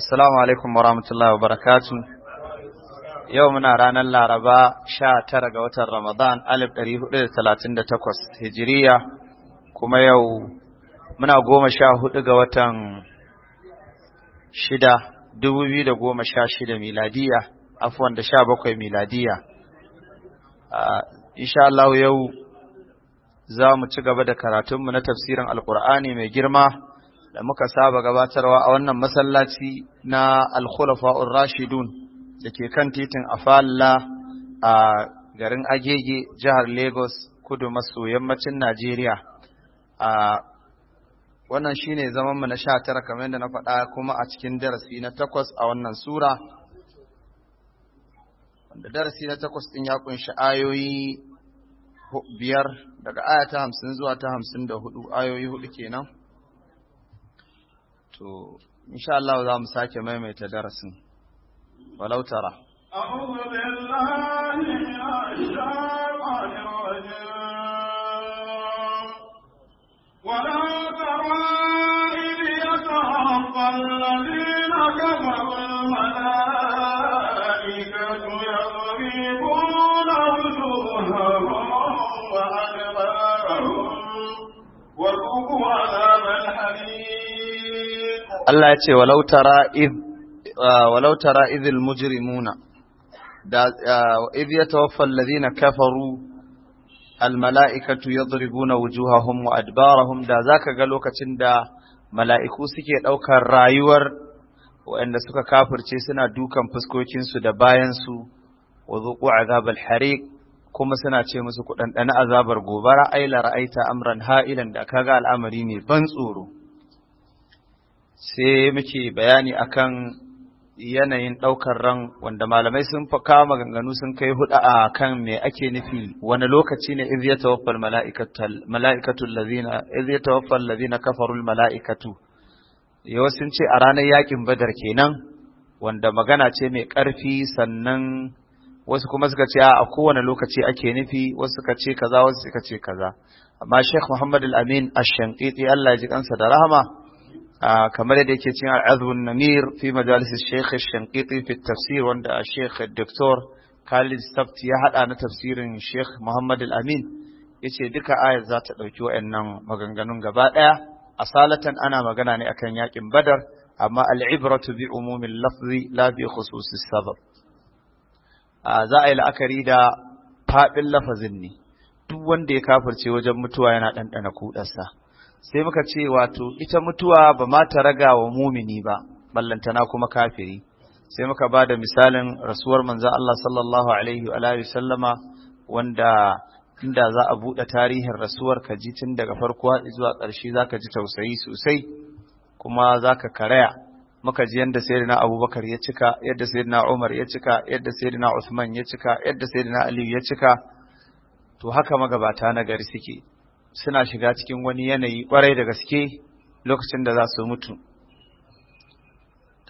Assalamu alaikum wa rahmatullahi wa barakatu. Yau muna ranar Laraba sha tara ga watan Ramadan alif ɗari hudu da talatin da takwas Hijiriya kuma yau muna goma sha hudu ga watan shida dubu biyu da goma sha shida miladiya afuwan da sha bakwai miladiya. Insha Allah yau za mu ci gaba da karatunmu na tafsirin Alƙur'ani mai girma. da muka saba gabatarwa a wannan masallaci na al Rashidun da ke kan titin Afalla a garin Agege, jihar Lagos, kudu maso yammacin Najeriya. A wannan shine zaman mu na sha tara kamar yadda na faɗa kuma a cikin darasi na takwas a wannan sura. Wanda darasi na takwas ɗin ya ƙunshi ayoyi biyar daga aya ta hamsin zuwa ta hamsin da hudu ayoyi hudu kenan. to insha Allah za mu sake maimaita darasin walau tara يضربون وجوههم وأدبارهم Allah ya ce walau tara idil mujrimuna idh yatawaffa alladhina kafaru almala'ikatu yadribuna wujuhahum wa adbarahum da zaka ga lokacin da mala'iku suke ɗaukar rayuwar waɗanda suka kafurce suna dukan fuskokinsu da bayansu wa zuku azab al kuma suna ce musu ku ɗanɗana azabar gobara ai ra'aita amran ha'ilan da kaga al'amari mai ban tsoro sai muke bayani akan yanayin ɗaukar ran wanda malamai sun fa kawo maganganu sun kai hudu a kan me ake nufi wani lokaci ne iz yatawaffal mala'ikatu allazina iz yau sun ce a ranar yakin badar kenan wanda magana ce mai ƙarfi sannan wasu kuma suka ce a kowane lokaci ake nufi wasu suka ce kaza wasu suka ce kaza amma Sheikh Muhammad Al-Amin Ash-Shanqiti Allah ya ji kansa da rahama kamar yadda yake cin Al-Azbun Namir fi majalis Sheikh Ash-Shanqiti fi tafsir wanda Sheikh Dr. Khalid Safti ya hada na tafsirin Sheikh Muhammad Al-Amin yace duka ayat za ta dauki wayannan maganganun gaba daya asalatan ana magana ne akan yakin Badar amma al-ibratu bi umumil lafzi la bi khususis sabab za a yi la'akari da faɗin lafazin ne duk wanda ya kafirce wajen mutuwa yana ɗanɗana kuɗarsa sai muka ce wato ita mutuwa ba ma ta raga wa mumini ba ballantana kuma kafiri sai muka ba da misalin rasuwar manzo Allah sallallahu alaihi wa alihi sallama wanda inda za a buɗe tarihin rasuwar ka ji tun daga farko zuwa ƙarshe zaka ji tausayi sosai kuma zaka karaya muka ji yadda sayyidina abubakar ya cika yadda sayyidina umar ya cika yadda sayyidina usman ya cika yadda sayyidina aliyu ya cika to haka magabata na gari suke suna shiga cikin wani yanayi kwarai da gaske lokacin da za su mutu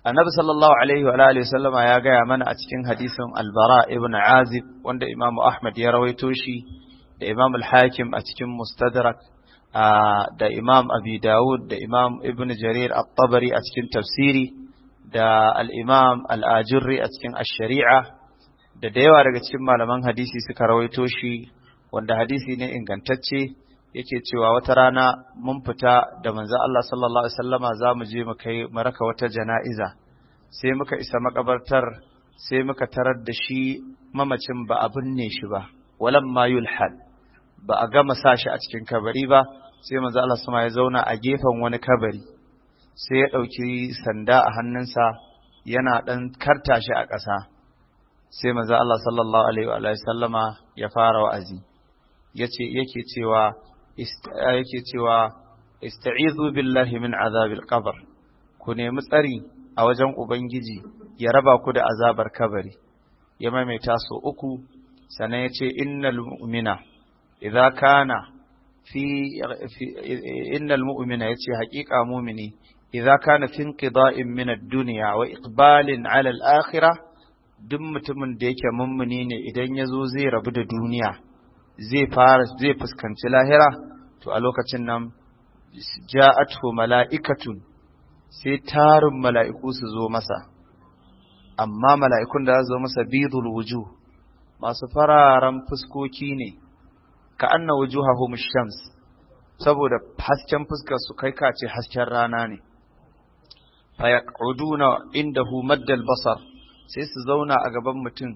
annabi sallallahu alaihi wa alihi sallama ya gaya mana a cikin hadisin albara ibn azib wanda imamu ahmad ya rawaito shi da imamu al-hakim a cikin mustadrak da imam abi dawud da imam ibn jarir at-tabari a cikin tafsiri da al-imam al-ajurri a cikin ash-shari'a da dayawa daga cikin malaman hadisi suka rawaito shi wanda hadisi ne ingantacce yake cewa wata rana mun fita da manzo Allah sallallahu alaihi wasallama za mu je mu kai maraka wata jana'iza sai muka isa makabartar sai muka tarar da shi mamacin ba a ne shi ba walamma yulhad ba a gama sa shi a cikin kabari ba sai manzo Allah sama ya zauna a gefen wani kabari sai ya ɗauki sanda a hannunsa yana ɗan karta shi a ƙasa sai manzo Allah sallallahu alaihi wa sallama ya fara wa'azi yace yake cewa yake cewa ista'izu billahi min azabil qabr ku nemi tsari a wajen ubangiji ya raba ku da azabar kabari ya maimaita so uku sannan yace innal mu'mina idza kana fi innal mu'mina yace haƙiƙa mu'mini idza kana fi inqida'in min ad-dunya wa iqbalin 'ala al-akhirah duk mutumin da yake mummuni ne idan ya zo zai rabu da duniya zai fara zai fuskanci lahira to a lokacin nan ja'atuhu mala'ikatun sai tarin mala'iku su zo masa amma mala'ikun da za su zo masa bidul wujuh masu fararen fuskoki ne ka anna wujuhahum shams saboda hasken fuskar su kai ka ce hasken rana ne fa yaq'uduna indahu maddal basar sai su zauna a gaban mutum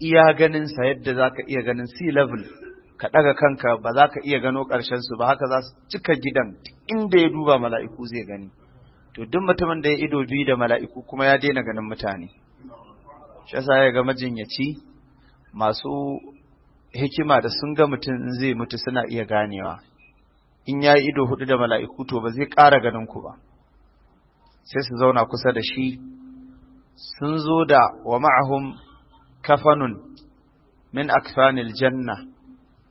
iya ganin sa yadda zaka iya ganin sea level ka daga kanka ba za ka iya gano ƙarshen su ba haka za su cika gidan inda ya duba mala'iku zai gani to duk mutumin da ya ido biyu da mala'iku kuma ya daina ganin mutane shi yasa ya ga majinyaci masu hikima da sun ga mutum in zai mutu suna iya ganewa in ya yi ido hudu da mala'iku to ba zai ƙara ganin ku ba sai su zauna kusa da shi sun zo da wa ma'ahum kafanun min akfanil janna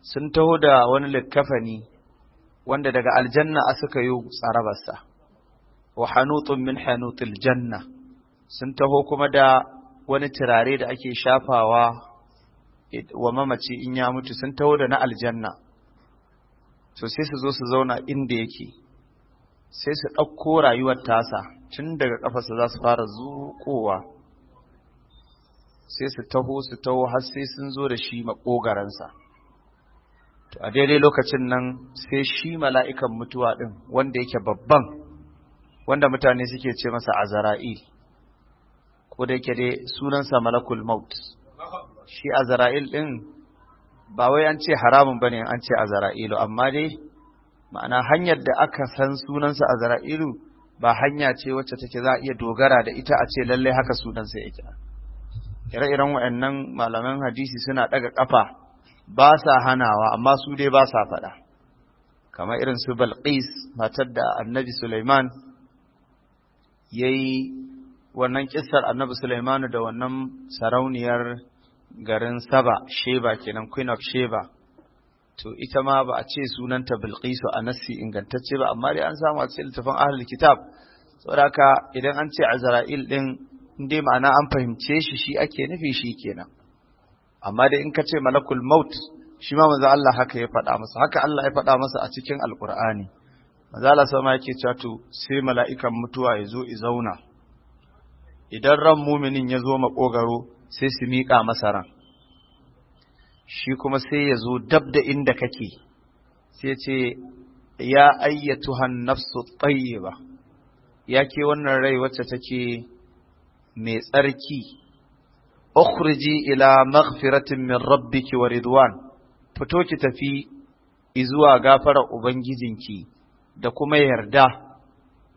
sun taho da wani likafani wanda daga aljanna a suka yi tsarabarsa wa hanutun min hanutul janna sun taho kuma da wani turare da ake shafawa wa mamaci in ya mutu sun taho da na aljanna to sai su zo su zauna inda yake sai su ɗauko rayuwar tasa tun daga ƙafarsa za su fara zuƙowa sai su taho su taho har sai sun zo da shi maƙogaransa to a daidai lokacin nan sai shi mala'ikan mutuwa ɗin wanda yake babban wanda mutane suke ce masa azara'il ko da yake dai sunansa malakul maut shi azra'il din ba wai an ce haramun bane an ce azra'ilu amma dai ma'ana hanyar da aka san sunansa azra'ilu ba hanya ce wacce take za a iya dogara da ita a ce lallai haka sunansa yake ire-iren waɗannan malaman hadisi suna ɗaga ƙafa ba sa hanawa amma su dai ba sa faɗa kamar irin su balqis matar da annabi suleiman ya yi wannan kissar annabi suleimanu da wannan sarauniyar garin Saba Sheba kenan Queen of Sheba to ita ma ba a ce sunanta Bilkisu a nassi ingantacce ba amma dai an samu a cikin littafin ahlul kitab saboda idan an ce Azra'il din indai ma'ana an fahimce shi shi ake nufi shi kenan amma dai in ka ce malakul maut shi ma manzo Allah haka ya faɗa masa haka Allah ya faɗa masa a cikin alqur'ani manzo Allah sama yake cewa to sai mala'ikan mutuwa ya zo i zauna idan ran muminin ya zo makogaro sai su miƙa masa ran shi kuma sai ya zo dab da inda kake sai ce ya ayyatuhan nafsu tayyiba ya ke wannan rai wacce take mai tsarki ukhriji ila maghfiratin min rabbiki wa ridwan fito ki tafi izuwa gafara ubangijinki da kuma yarda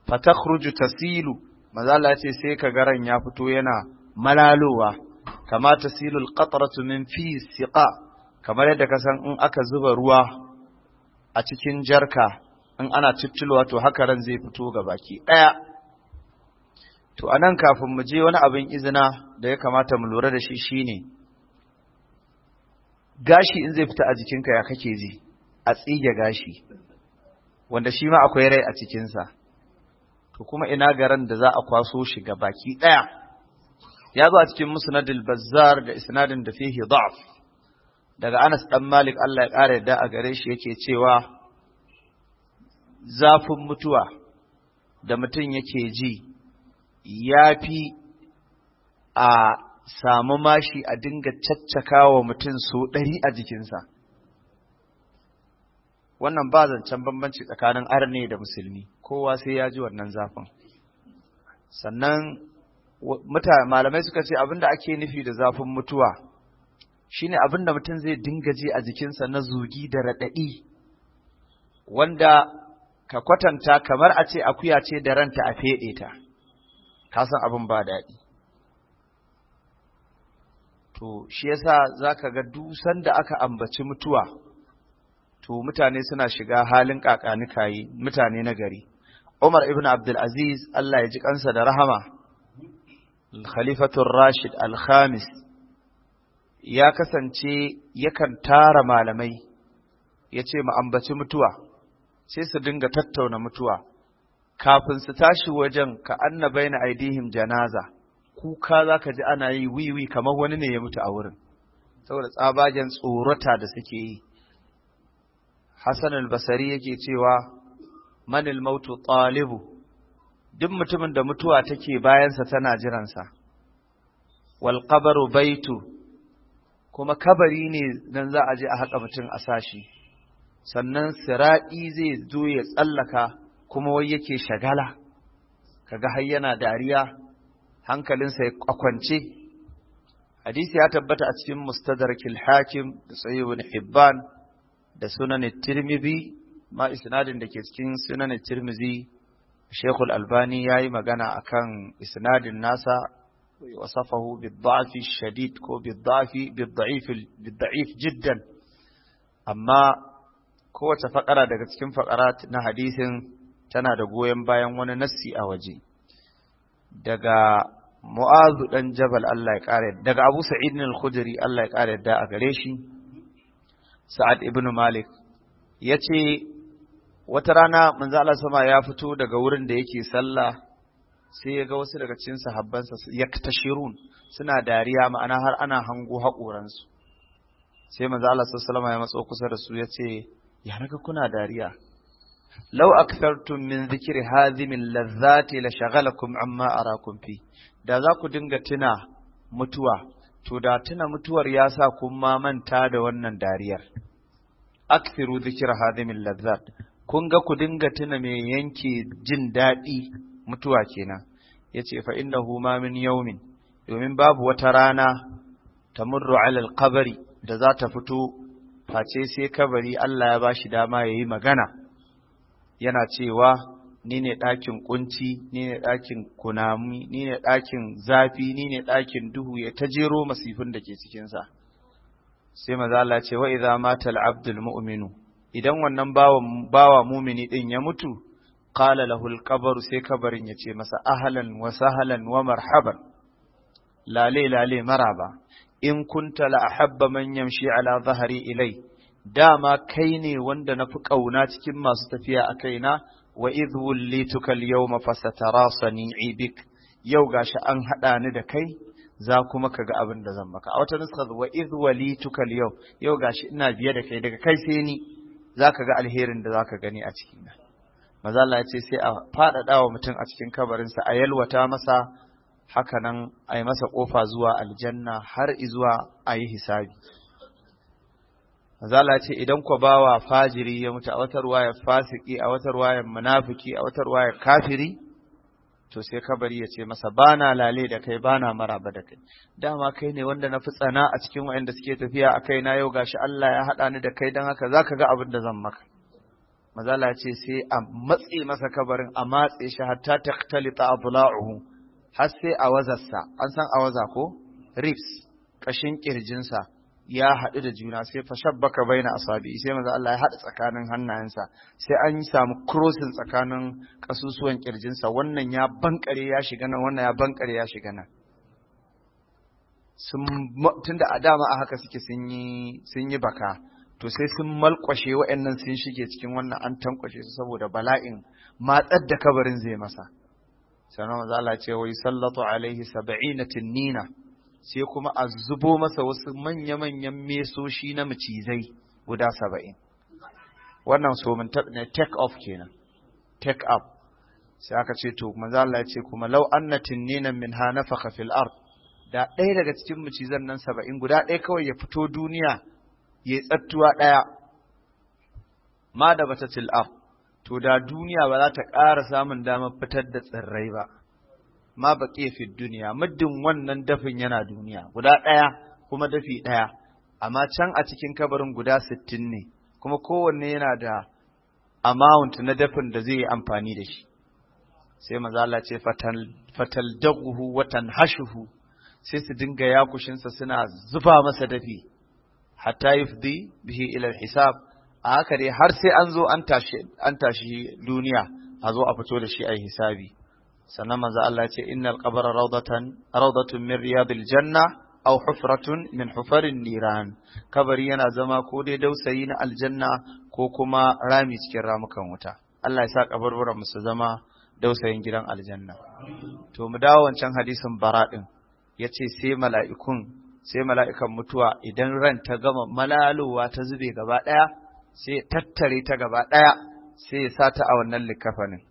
takhruju tasilu mazala ce sai ka garan ya fito yana malalowa kama tasilul qatratu min fi siqa kamar yadda ka san in aka zuba ruwa a cikin jarka in ana tuttulwa to haka ran zai fito ga baki daya to anan kafin mu je wani abin izina da ya kamata mu lura da shi shine gashi in zai fita a jikinka ya kake ji a tsige gashi wanda shi ma akwai rai a cikinsa to kuma ina garan da za a kwaso shi ga baki daya ya zo a cikin musnadil bazzar da isnadin da fihi da'af daga Anas dan Malik Allah ya kare da a gare shi yake cewa zafin mutuwa da mutum yake ji ya fi a samu mashi a dinga caccakawa mutum so ɗari a jikinsa wannan ba zancen bambanci tsakanin arne da musulmi kowa sai ya ji wannan zafin sannan malamai suka ce abin da ake nufi da zafin mutuwa shine abinda mutum zai dinga ji a jikinsa na zugi da raɗaɗi wanda ka kwatanta kamar a ce akuya ce da ranta a feɗe ta ka san abin ba daɗi to shi yasa ka ga dusan da aka ambaci mutuwa to mutane suna shiga halin kayi mutane na gari Umar ibn Abdulaziz Allah ya ji kansa da rahama khalifatun rashid al-khamis ya kasance yakan tara malamai ya ce ambaci mutuwa sai su dinga tattauna mutuwa kafin su tashi wajen ka anna na aidihim janaza kuka za ka ji ana yi wiwi kamar wani ne ya mutu a wurin saboda tsabagen tsorata da suke yi hassan al basri yake cewa manil mautu talibu duk mutumin da mutuwa take bayansa tana jiransa wal qabru baitu kuma kabari ne dan za a je a haƙa mutum a sashi sannan sira'i zai zo ya tsallaka kuma wai yake shagala kaga har yana dariya hankalinsa ya kwakwance hadisi ya tabbata a cikin mustadrakil hakim da sahihun hibban da sunan tirmidhi ma isnadin da ke cikin sunan tirmidhi Shekul Albani ya yi magana a kan isnadin nasa wasafahu bid-da'fi shadid ko bid jiddan amma kowace fakara daga cikin faƙara na hadisin tana da goyon bayan wani nassi a waje daga mu'azu dan jabal Allah ya kare daga abu sa'id al-khudri Allah ya kare da a gare shi sa'ad Ibnu malik yace wata rana manzo Allah sama ya fito daga wurin da yake sallah sai ya ga wasu daga cikin sahabbansa yaktashirun suna dariya ma'ana har ana hango haƙoransu sai manzo Allah sallallahu ya matso kusa da su ya ce ya naga kuna dariya law akthartum min dhikri min ladhati la shaghalakum amma arakum fi da za ku dinga tuna mutuwa to da tuna mutuwar ya sa kun ma manta da wannan dariyar akthiru dhikra min ladhat kun ga ku dinga tuna mai yanke jin daɗi mutuwa kenan ya ce fa inda huma min yaumin domin babu wata rana ta murru alal kabari da za ta fito face sai kabari Allah ya bashi dama ya yi magana yana cewa ni ne ɗakin kunci ni ne ɗakin kunami ni ne ɗakin zafi ni ne ɗakin duhu ya ta jero masifin da ke cikinsa sai maza Allah ce wa idza matal abdul mu'minu idan wannan bawa mumini ɗin ya mutu qala lahul qabru sai kabarin ya ce masa ahlan wa sahlan wa marhaban lale lale maraba in kunta la ahabba man yamshi ala zahari ilai dama kai ne wanda na fi ƙauna cikin masu tafiya a kaina wa idh wallituka al-yawma fasatarasani ibik yau gashi an hada ni da kai za kuma ka ga abin da zan maka a wata nuskar wa idh walituka al yau. yau gashi ina biye da kai daga kai sai ni za ka ga alherin da za ka gani a cikin nan. maza ya ce sai a faɗaɗa wa mutum a cikin kabarinsa a yalwata masa haka nan a yi masa ƙofa zuwa aljanna har zuwa a yi hisabi maza ya ce idan ku bawa fajiri ya mutu a watar wayar fasiki a watar wayar munafiki a watar wayar kafiri to sai kabari ya ce masa bana lale da kai bana maraba da kai dama kai ne wanda na fi tsana a cikin waɗanda suke tafiya a kai na yau gashi Allah ya haɗa ni da kai don haka za ka ga abin da zan maka mazala ce sai a matse masa kabarin a matse shi hatta taqtalita abla'uhu har sai a wazarsa an san a waza ko ribs kashin kirjinsa ya haɗu da juna sai fashabbaka baina asabi sai manzo Allah ya haɗa tsakanin hannayensa sai an samu crossing tsakanin kasusuwan kirjinsa wannan ya bankare ya shiga nan wannan ya bankare ya shiga nan sun tunda a dama a haka suke sun yi baka to sai sun malkwashe wa'annan sun shige cikin wannan an tankwashe su saboda bala'in matsar da kabarin zai masa sannan manzo Allah ya ce wai sallatu alaihi sab'ina tinnina sai kuma a zubo masa wasu manya-manyan mesoshi na macizai guda saba'in wannan so mun ne take off kenan take up sai aka ce to manzo Allah ya ce kuma law anna tinninan minha nafakha fil ard da ɗaya daga cikin macizan nan saba'in guda ɗaya kawai ya fito duniya ya tsattuwa ɗaya ma da bata til ard to da duniya ba za ta ƙara samun damar fitar da tsirrai ba ma baqiya fi duniya muddin wannan dafin yana duniya guda ɗaya kuma dafi ɗaya amma can a cikin kabarin guda sittin ne kuma kowanne yana da amount na dafin da zai yi amfani da shi sai maza Allah ce fatal daguhu watan hashuhu sai su dinga yakushinsa suna zuba masa dafi hatta yufdi bihi ila hisab a haka dai har sai an zo an tashi an tashi duniya a zo a fito da shi a hisabi sannan manzo Allah ce innal qabra rawdatan rawdatun min riyadil janna aw hufratun min hufarin niran kabari yana zama ko dai dausayi na aljanna ko kuma rami cikin ramukan wuta Allah ya sa kaburburan mu su zama dausayin gidan aljanna to mu dawo wancan hadisin bara din yace sai mala'ikun sai mala'ikan mutuwa idan ran ta gama malalowa ta zube gaba daya sai tattare ta gaba daya sai ya sa ta a wannan likafanin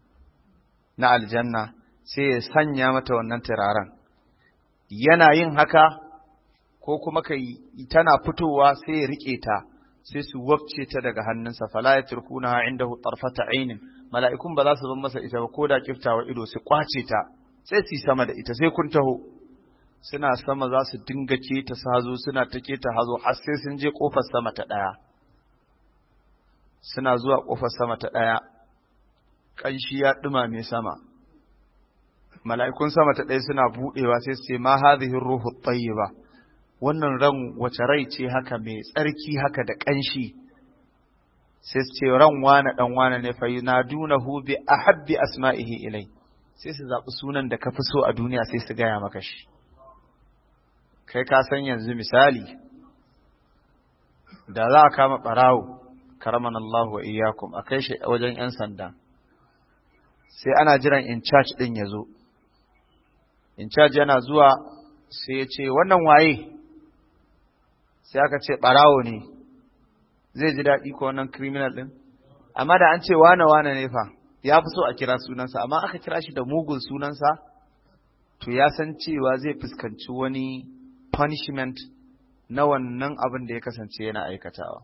na aljanna sai ya sanya mata wannan turaren yana yin haka ko kuma ka tana fitowa sai ya rike ta sai su wafce ta daga hannunsa fala ya turkuna inda tarfata ainin mala'ikun ba za su bar masa ita ba ko da kiftawa ido su kwace ta sai su sama da ita sai kun taho suna sama za su dinga ce ta hazo suna ta ke ta hazo har sai sun je kofar sama ta ɗaya suna zuwa kofar sama ta ɗaya ƙanshi ya ɗumame sama mala'ikun sama ta ɗaya suna buɗewa sai su ce ma hadhihi ruhu tayyiba wannan ran wace rai ce haka mai tsarki haka da ƙanshi sai su ce ran wane dan wane ne fa duna hubi bi ahabbi asma'ihi ilai sai su zaɓi sunan da ka fi so a duniya sai su gaya maka shi kai ka san yanzu misali da za a kama ɓarawo karaman Allah wa iyakum a kai shi wajen 'yan sanda sai ana jiran in charge ɗin ya zo in charge yana zuwa sai ya ce wannan waye sai aka ce ɓarawo ne zai ji daɗi ko wannan criminal ɗin amma da an ce wane wane ne fa ya fi so a kira sunansa amma aka kira shi da mugun sunansa to ya san cewa zai fuskanci wani punishment na wannan abin da ya kasance yana aikatawa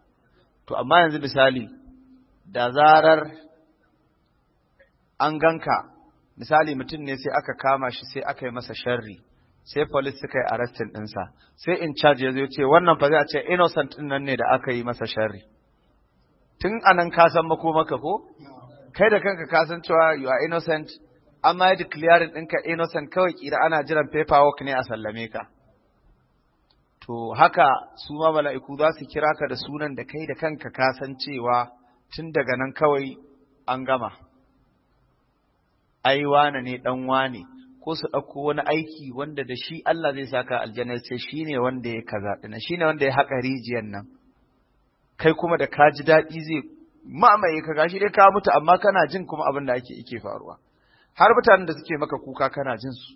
to amma yanzu misali da zarar an ganka misali mutum ne sai aka kama shi sai aka yi masa sharri sai police suka yi arrestin ɗinsa sai in charge ya zo ce wannan fa zai a ce innocent ɗin nan ne da aka yi masa sharri tun anan ka san makomaka ko kai da kanka ka san cewa you are innocent amma ya declare ɗinka innocent kawai kira ana jiran paperwork ne a sallame ka to haka su ma mala'iku za su kira ka da sunan da kai da kanka ka san cewa tun daga nan kawai an gama ai wane ne dan wane ko su ɗauko wani aiki wanda da shi Allah zai saka aljanna ce shi ne wanda ya kaza ɗina shi ne wanda ya haƙa rijiyar nan kai kuma da ka ji daɗi zai mamaye ka gashi dai ka mutu amma kana jin kuma abin da ake ike faruwa har mutanen da suke maka kuka kana jin su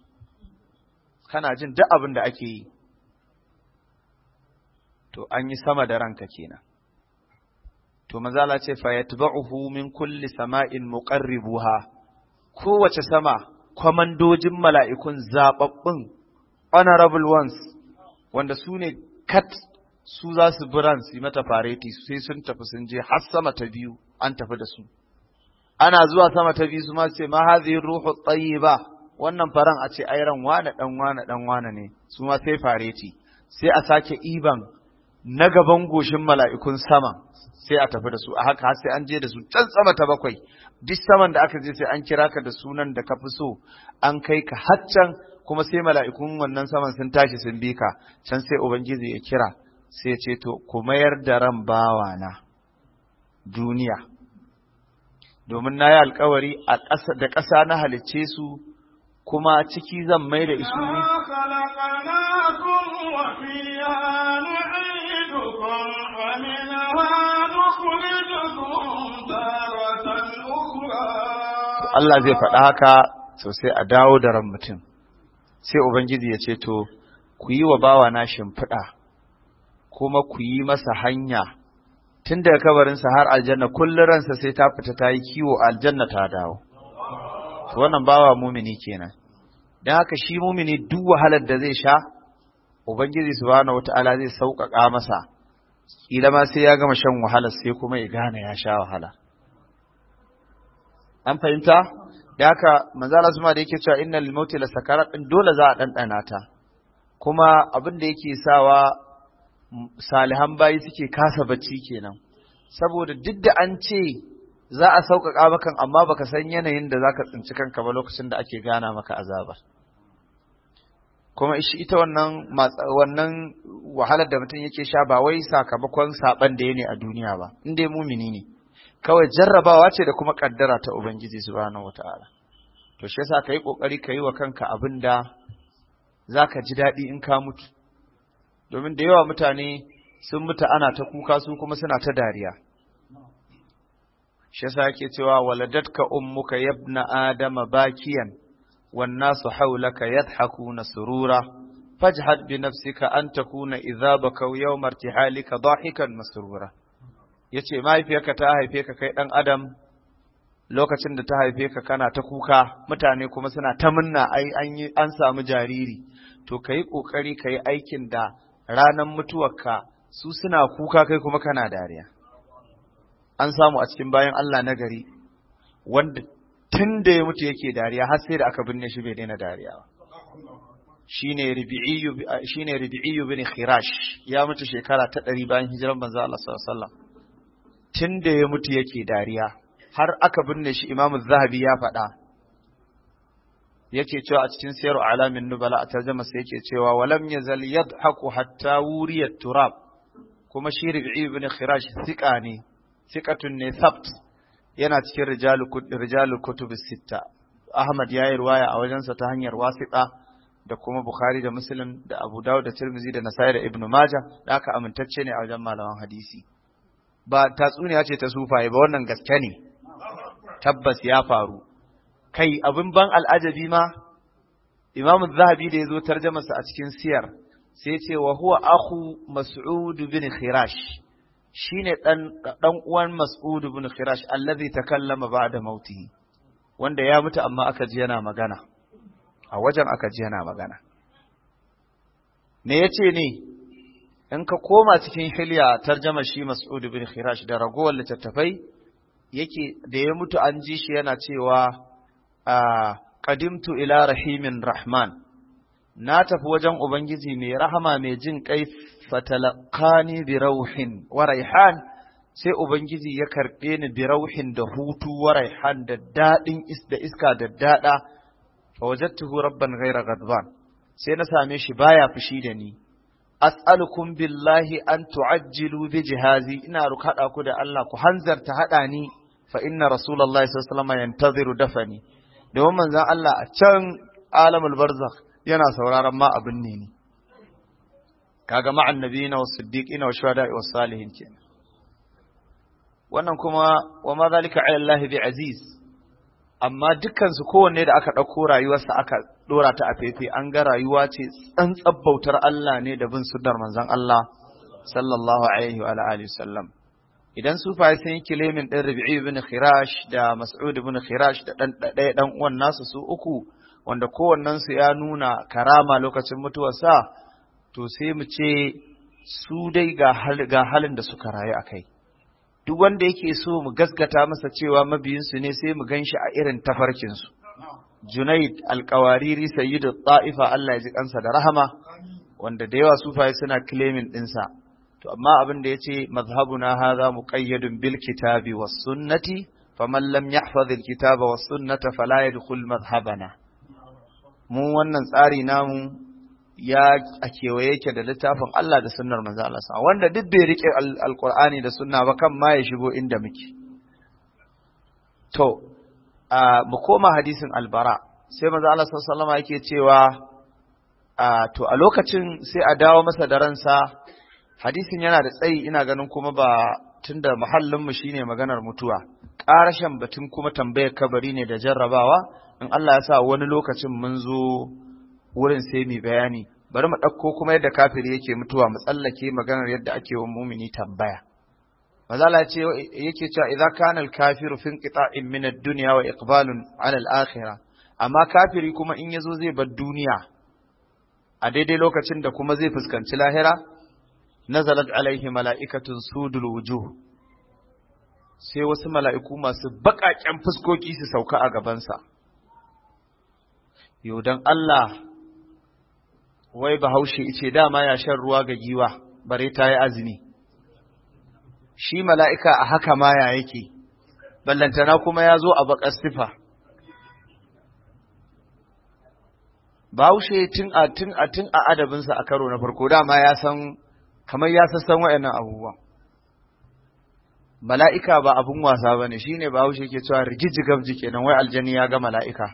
kana jin duk abin da ake yi to an yi sama da ranka kenan to manzala ce fa yatba'uhu min kulli sama'in muqarribuha kowace sama kwamandojin mala'ikun zaɓaɓɓun honorable ones wanda su ne kat su za su biran su yi mata fareti sai sun tafi sun je har sama ta biyu an tafi da su ana zuwa sama ta biyu su ma ce ma hazi ruhu tsayi ba wannan faran a ce ran wane 'ɗan wane 'ɗan wane ne su ma sai fareti sai a sake iban na gaban goshin mala'ikun sama sai a tafi da su a haka sai an je da su can sama ta bakwai duk saman da aka je sai an kira ka da sunan da ka fi so an kai ka haccan kuma sai mala'ikun wannan saman sun tashi sun bi ka can sai ubangiji ya kira sai ce to ku mayar da ran bawa na duniya domin na yi alkawari da ƙasa na halicce su kuma ciki zan mai da isu allah ومنها تارة أخرى الله zai faɗa haka sosai a dawo da ran mutum sai ubangiji ya ce to ku yi wa bawa na shimfiɗa kuma ku yi masa hanya tun daga kabarinsa har aljanna kullum ransa sai ta fita ta yi kiwo aljanna ta dawo to wannan bawa mumini kenan don haka shi mumini duk wahalar da zai sha ubangiji subhanahu wataala zai sauƙaƙa masa ƙila ma sai ya gama shan wahala sai kuma ya gane ya sha wahala an fahimta da haka manzo Allah subhanahu da yake cewa inna mauti la sakara ɗin dole za a ɗanɗana ta kuma abin da yake sawa salihan bayi suke kasa bacci kenan saboda duk da an ce za a sauƙaƙa makan amma baka san yanayin da zaka tsinci kanka ba lokacin da ake gana maka azabar kuma shi ita wannan wannan wahalar da mutum yake sha ba wai sakamakon saban da ya a duniya ba in dai mumini ne kawai jarrabawa ce da kuma kaddara ta ubangiji subhanahu wataala to shi yasa kai kokari kai wa kanka abin da zaka ji daɗi in ka mutu domin da yawa mutane sun mutu ana ta kuka su kuma suna ta dariya shi yasa yake cewa waladatka ummuka yabna adama bakiyan والناس حولك يضحكون سرورا فاجحد بنفسك أن تكون إذا بكوا يوم ارتحالك ضاحكا مسرورا yace mahaifiyarka ta haife ka kai ɗan adam lokacin da ta haife ka kana ta kuka mutane kuma suna ta minna an yi an samu jariri to kai kokari kai aikin da ranan mutuwarka su suna kuka kai kuma kana dariya an samu a cikin bayan Allah nagari wanda tun da ya mutu yake dariya har sai da aka binne shi bai daina dariya ba shine Ribi'iyyu bi bin Khirash ya mutu shekara ta ɗari bayan hijiran manzo Allah sallallahu wasallam tun da ya mutu yake dariya har aka binne shi imamu Zahabi ya faɗa yake cewa a cikin sayar alamin nubala a tarjama sai yake cewa walam yazal yadhaku hatta wuriyat turab kuma shi bi bin Khirash sika ne sikatun ne sabt yana cikin rijalul kutub sitta Ahmad ya yi ruwaya a wajensa ta hanyar wasiqa da kuma Bukhari da Muslim da Abu Dawud da tirmizi da Nasa'i da Ibn Majah da aka amintacce ne a wajen malaman hadisi ba tatsuniya ce ta sufaye ba wannan gaske ne tabbas ya faru kai abin ban al'ajabi ma Imam Zahabi da ya zo sa a cikin siyar sai ce wa huwa akhu Mas'ud bin Khirash Shi ne dan uwan Mas'ud ibn Khirash allazi takallama ba'da mautihi wanda ya mutu amma aka ji yana magana a wajen aka ji yana magana me yace ne in ka koma cikin hilya tarjama shi Mas'ud ibn Khirash da ragowar littattafai yake da ya mutu an ji shi yana cewa a qadimtu ila rahimin rahman na tafi wajen ubangiji mai rahama mai jin kai fatalakani bi rauhin wa raihan sai ubangiji ya karbe ni bi rauhin da hutu wa raihan da daɗin is da iska da daɗa fa wajadtuhu rabban ghaira ghadban sai na same shi baya fushi da ni as'alukum billahi an tu'ajjilu bi jihazi ina rukada ku da Allah ku hanzarta hada ni fa inna rasulullahi sallallahu alaihi wasallam yantaziru dafani domin manzon Allah a can alamul barzakh yana sauraron ma abin ne ni kaga ma'an nabiyina wa siddiqina wa shuhada'i wa salihin kenan wannan kuma wa ma zalika ala Allah bi aziz amma dukkan su kowanne da aka dauko rayuwarsa aka dora ta a fefe an ga rayuwa ce tsantsar bautar Allah ne da bin sunnar manzon Allah sallallahu alaihi wa alihi sallam idan sufaye sun yi kilimin ɗin Rabi'i ibn Khirash da Mas'ud ibn Khirash da ɗan ɗaya ɗan uwan nasu su uku wanda su ya nuna karama lokacin mutuwarsa to sai mu ce su dai ga halin da suka rayu a kai duk wanda yake so mu gaskata masa cewa mabiyinsu ne sai mu ganshi a irin tafarkinsu junaid alkawariri sayyidu ta'ifa Allah ya ji kansa da rahama wanda da yawa sufaye suna claiming ɗinsa to amma abin da yace mazhabuna hadha muqayyadun bil kitabi was sunnati faman lam yahfaz al kitaba was sunnata fala yadkhul madhhabana mu wannan tsari namu ya a kewaye yake da littafin Allah da sunnar manzo Allah sa wanda duk bai rike alqur'ani da sunna ba kan ma ya shigo inda muke to a mu koma hadisin albara sai manzo Allah sallallahu alaihi yake cewa a to a lokacin sai a dawo masa da ransa hadisin yana da tsayi ina ganin kuma ba tunda muhallin mu shine maganar mutuwa ƙarashin batun kuma tambayar kabari ne da jarrabawa in Allah ya sa wani lokacin mun zo wurin sai mai bayani bari mu ɗauko kuma yadda kafiri yake mutuwa mu tsallake maganar yadda ake wa mumini tambaya mazala ce yake cewa idza kana al-kafiru fi inqita'in min ad-dunya wa iqbalun 'ala al-akhirah amma kafiri kuma in yazo zai bar duniya a daidai lokacin da kuma zai fuskanci lahira nazalat alaihi mala'ikatun sudul wujuh sai wasu mala'iku masu baƙaƙen fuskoki su sauka a gabansa yau dan Allah wai bahaushe ice dama ya shan ruwa ga giwa bare ta yi azumi shi mala'ika a haka ma ya yake ballantana kuma ya zo a baƙar sifa bahaushe tun a tun a tun a adabinsa a karo na farko dama ya san kamar ya sassan waɗannan abubuwa mala'ika ba abun wasa ba ne shi ne bahaushe ke cewa rigijigab jike nan wai aljani ya ga mala'ika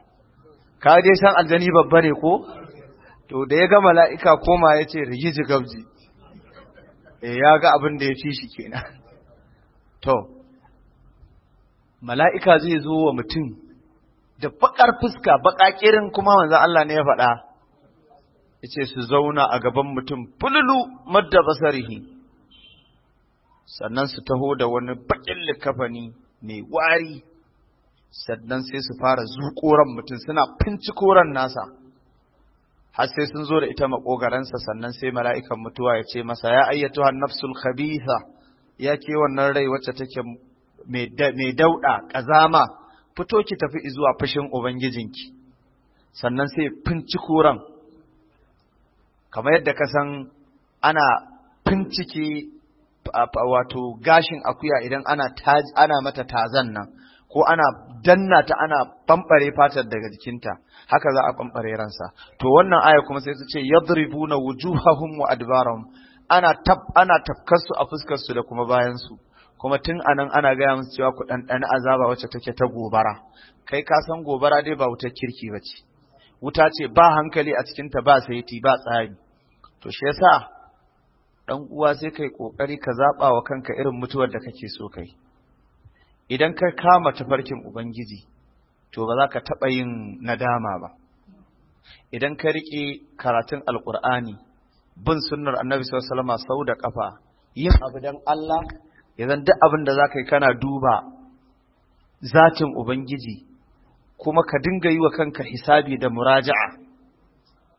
ka dai san aljani babba ne ko to da ya ga mala'ika koma ya ce rigiji gabji e ya ga abin da ya fi shi kenan to mala'ika zai zo wa mutum da bakar fuska bakakirin kuma wanzu Allah ne ya faɗa ya ce su zauna a gaban mutum fululu madda basarihi sannan su taho da wani bakin likafani mai wari sannan sai su fara zuƙoran mutum suna finci nasa har sai sun zo da ita makogaransa sannan sai mala'ikan mutuwa ya ce masa ya ayyatu nafsul khabitha ya ke wannan rai wacce take mai dauda kazama fito ki tafi zuwa fushin ubangijinki sannan sai finci kuran kamar yadda ka san ana fincike wato gashin akuya idan ana ana mata tazan nan ko ana danna ta ana bambare fatar daga jikinta haka za a bambare ransa to wannan aya kuma sai su ce yadribuna wujuhahum wa adbarahum ana tab ana tafkar su a fuskar su da kuma bayan su kuma tun anan ana gaya musu cewa ku ɗanɗana azaba wacce take ta gobara kai ka san gobara dai ba wutar kirki bace wuta ce ba hankali a cikin ta ba saiti ba tsari to shi yasa dan uwa sai kai kokari ka zaba wa kanka irin mutuwar da kake so kai idan ka kama tafarkin ubangiji to ba za ka taɓa yin nadama ba idan ka riƙe karatun alƙur'ani bin sunnar annabi sallallahu sau da ƙafa yin abu don Allah idan duk abin da za ka yi kana duba zatin ubangiji kuma ka dinga yi wa kanka hisabi da muraja'a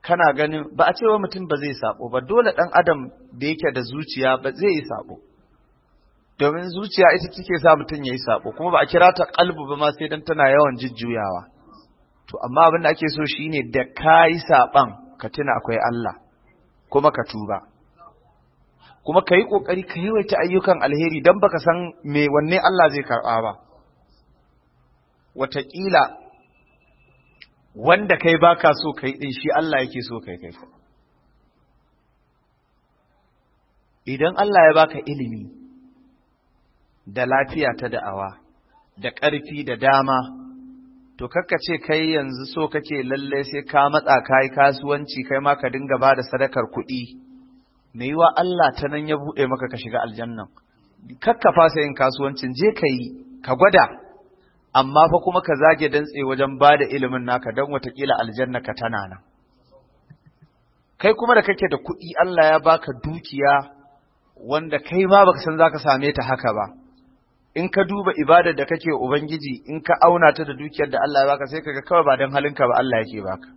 kana ganin ba a cewa mutum ba zai saɓo ba dole ɗan adam da yake da zuciya ba zai yi saɓo. domin zuciya ita take sa mutum yayi yi sabo kuma ba a kira ta kalbu ba ma sai dan tana yawan jujjuyawa to amma abin da ake so shine da ka yi ka tuna akwai Allah kuma ka tuba kuma ka yi ƙoƙari ka yawaita ayyukan alheri dan baka san me wanne Allah zai karba ba wataƙila wanda kai baka so kai din shi Allah yake so kai kai idan Allah ya baka ilimi da lafiya ta da'awa da ƙarfi da dama to kakka ce kai yanzu so kake lalle sai ka matsa kai kasuwanci kai ma ka dinga ba da sadakar kuɗi me yiwa Allah ta nan ya buɗe maka ka shiga aljannan kakka fasa yin kasuwancin je ka yi ka gwada amma fa kuma ka zage dantse wajen ba da ilimin naka don watakila aljanna ka tana nan kai kuma da kake da kuɗi Allah ya baka dukiya wanda kai ma baka san zaka same ta haka ba in ka duba ibadar da kake ubangiji in ka auna ta da dukiyar da Allah ya baka sai kaga kawai ba dan halinka ba Allah yake baka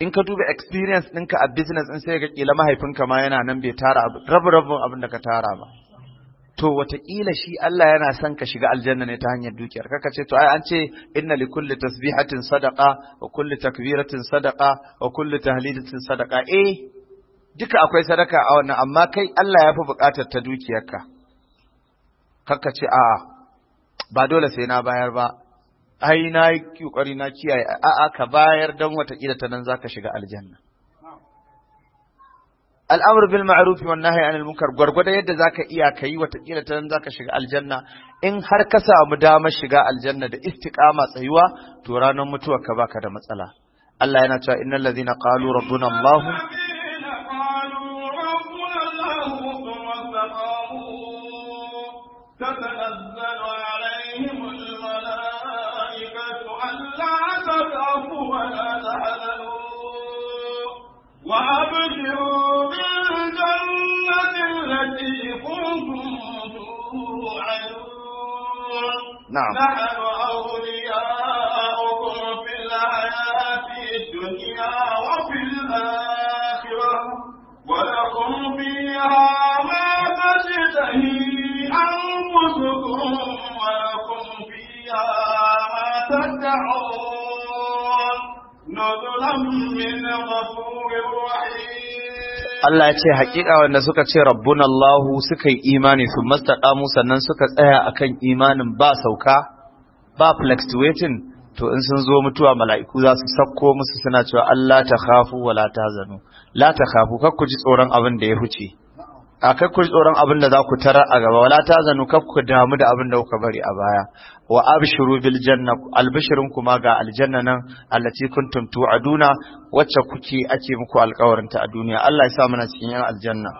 in ka duba experience ɗinka a business in sai ka kila mahaifinka ma yana nan bai tara rabu rabu abin da ka tara ba to wataƙila shi Allah yana son ka shiga aljanna ne ta hanyar dukiyar kaka ce to ai an ce inna li kulli tasbihatin sadaqa wa kulli takbiratin sadaqa wa kulli tahlilatin sadaqa eh duka akwai sadaka a wannan amma kai Allah ya fi buƙatar ta dukiyarka kakka ce a'a ba dole sai na bayar ba ai na yi kokari na kiyaye a'a ka bayar dan watakila ta nan zaka shiga aljanna Al'amur bil ma'ruf wan nahyi anil munkar gurgurda yadda zaka iya kai watakila ta nan zaka shiga aljanna in har ka samu damar shiga aljanna da istiqama tsayuwa to ranar mutuwa ka baka da matsala Allah yana cewa innal ladhina qalu rabbuna Allah وأبشروا بالجنة التي كنتم توعدون نعم نحن أولياؤكم في الحياة الدنيا وفي الآخرة ولكم فيها ما تشتهي أنفسكم ولكم فيها ما تدعون نزلا من غفور Allah ya ce haƙiƙa wanda suka ce rabbun Allahu suka yi imani su mu sannan suka tsaya akan imanin ba sauka ba fluctuating to in sun zo mutuwa mala'iku za su sakko musu suna cewa Allah ta khafu wa ta zanu la ta khafu kar ku ji tsoron abin da ya huce kai ku tsoron abin da za ku tarar a gaba wala ta zanu kaf ku damu da abin da kuka bari a baya wa abshuru bil janna albishirun kuma ga aljanna nan allati kuntum tu'aduna wacce kuke ake muku alƙawarin ta a duniya Allah ya sa mana cikin yan aljanna